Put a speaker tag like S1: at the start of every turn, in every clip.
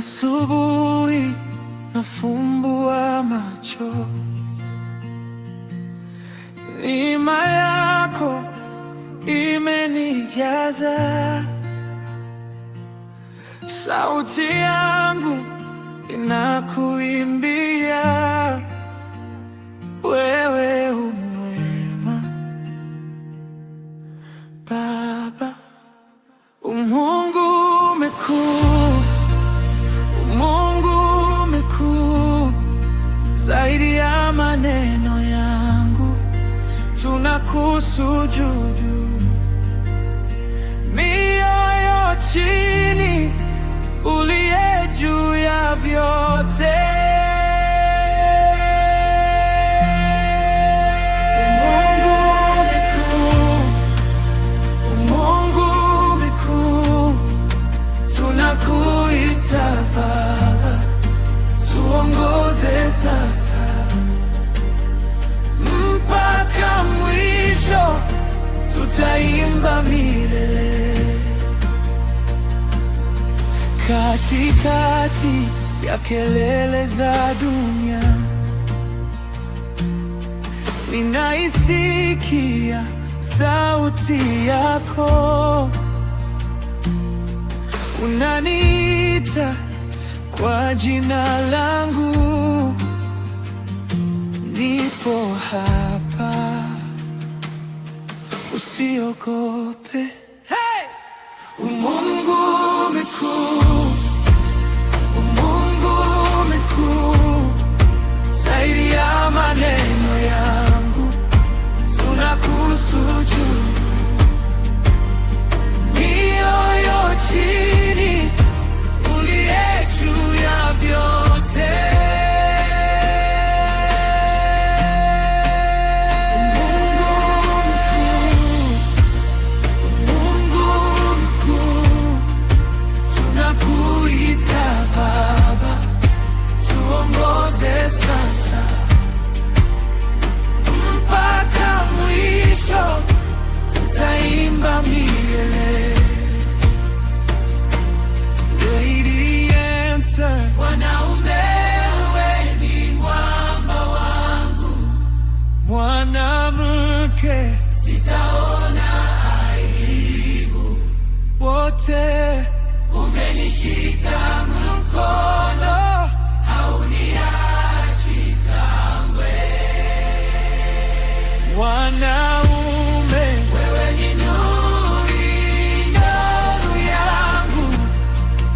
S1: Asubuhi nafumbua macho, neema yako imenijaza. Sauti yangu inakuimbia, wewe umwema Baba, umungu mkuu. na kusujudu, mioyo chini, uliye juu ya vyote. Mungu mkuu, Mungu tunakuita Baba, tuongoze sasa. tutaimba milele katikati ya kelele za dunia, ninaisikia sauti yako, unaniita kwa jina langu. usiogope. Hey! Umungu mkuu mwanaume,
S2: wewe ni nuru nuru yangu,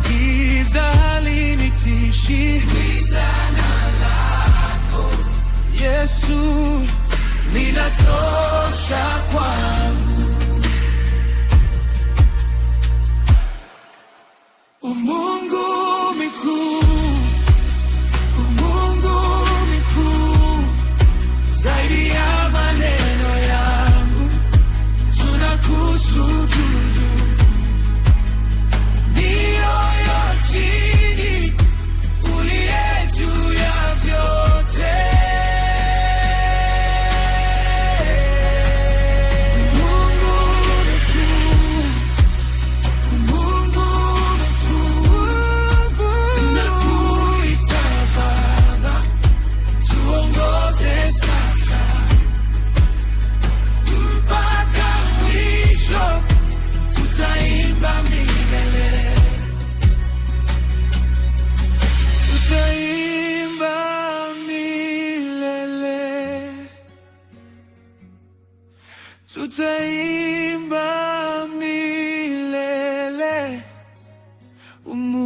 S1: giza halinitishi,
S2: jina lako
S1: Yesu,
S2: ninatoka
S1: tutaimba milele umu